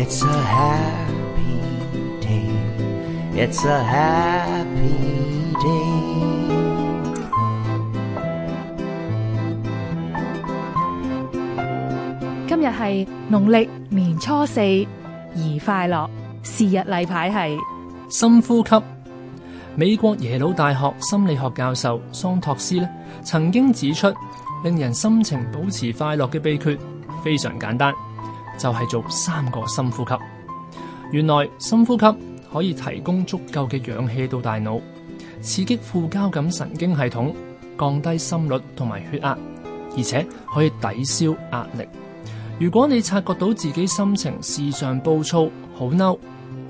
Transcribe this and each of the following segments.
It's a happy day. It's a happy day. 今日係農曆年初四，而快樂是日例牌係深呼吸。美國耶魯大學心理學教授桑托斯呢，曾經指出。令人心情保持快樂嘅秘訣非常簡單，就係、是、做三個深呼吸。原來深呼吸可以提供足夠嘅氧氣到大腦，刺激副交感神經系統，降低心率同埋血壓，而且可以抵消壓力。如果你察覺到自己心情時常暴躁，好嬲，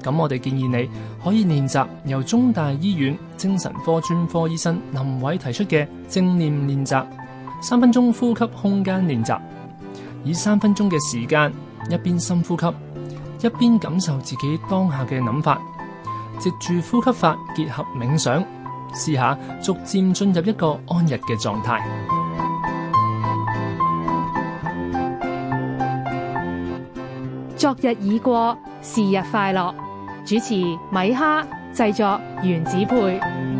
咁我哋建議你可以練習由中大醫院精神科專科醫生林偉提出嘅正念練習。三分鐘呼吸空間練習，以三分鐘嘅時間，一邊深呼吸，一邊感受自己當下嘅諗法，藉住呼吸法結合冥想，試下逐漸進入一個安逸嘅狀態。昨日已過，是日快樂。主持米哈，製作原子貝。